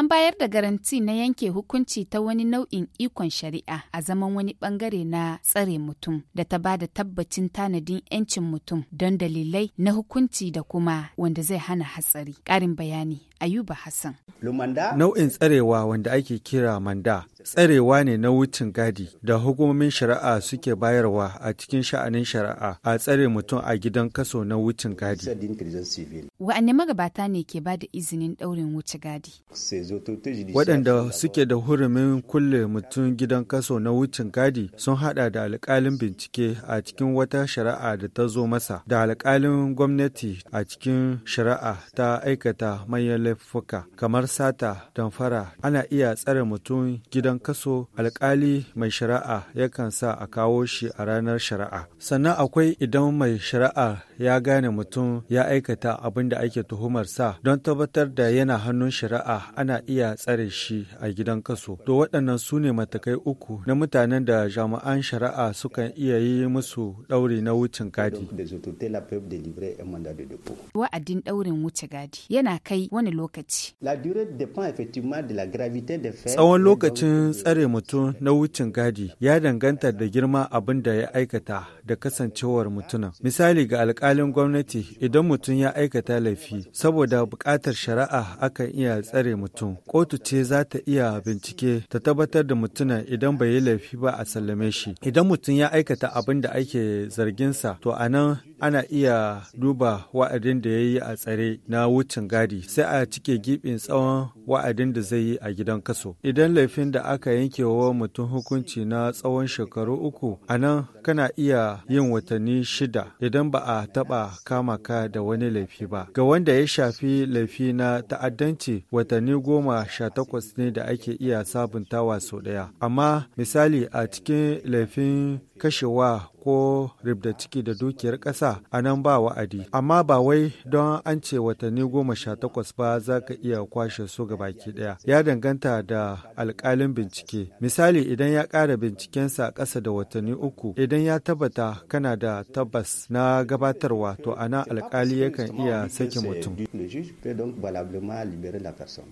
An bayar da garanti na yanke hukunci ta wani nau'in ikon shari'a a zaman wani bangare na tsare mutum da ta ba da tabbacin tanadin 'yancin mutum don dalilai na hukunci da kuma wanda zai hana hatsari. karin bayani Ayuba Hassan. Nau'in tsarewa wanda ake kira manda tsarewa ne na wucin gadi da hukumomin shari'a suke bayarwa a cikin sha'anin shari'a a tsare mutum a gidan kaso na wucin gadi. Wa'anne magabata ne ke ba da izinin ɗaurin wuce gadi? Waɗanda suke da hurumin kulle mutum gidan kaso na wucin gadi sun haɗa da alƙalin bincike a cikin wata shari'a da ta zo masa da alƙalin gwamnati a cikin shari'a ta aikata manyan laifuka kamar sata damfara ana iya tsare mutum gidan gidan kaso alkali mai shari'a yakan sa a kawo shi a ranar shari'a sannan akwai idan mai shari'a ya gane mutum ya aikata abin da ake tuhumar sa don tabbatar da yana hannun shari'a ana iya tsare shi a gidan kaso. To waɗannan su ne matakai uku na mutanen da jami'an shari'a sukan iya yi musu ɗauri na wucin gadi. Wa'adin ɗaurin wuce gadi yana kai wani lokaci. Tsawon lokacin tsare mutum na wucin gadi ya danganta da girma abin da ya aikata da kasancewar mutumin. Misali ga alƙali alƙalin gwamnati idan mutum ya aikata laifi saboda buƙatar shari'a akan iya tsare mutum kotu ce za ta iya bincike ta tabbatar da mutumin idan bai yi laifi ba a sallame shi idan mutum ya aikata abin da ake zarginsa to a nan ana iya duba wa'adin da ya yi a tsare na wucin gadi sai a cike gibin tsawon wa'adin da zai yi a gidan kaso. Idan laifin da aka yanke wa mutum hukunci na tsawon shekaru uku, a nan kana iya yin watanni shida idan ba a taɓa kama ka da wani laifi ba. Ga wanda ya shafi laifi na ta'addanci watanni goma sha takwas ne da ake iya sabuntawa sau ɗaya. Amma misali a cikin laifin kashewa ko ribda ciki da dukiyar ƙasa a nan ba wa'adi, amma ba wai don an ce watanni goma sha takwas ba za ka iya kwashe su ga baki ɗaya. Ya danganta da alkalin bincike. Misali idan ya kara bincikensa ƙasa da watanni uku, idan ya tabbata kana da tabbas na gabatarwa to ana alkali yakan iya sake mutum.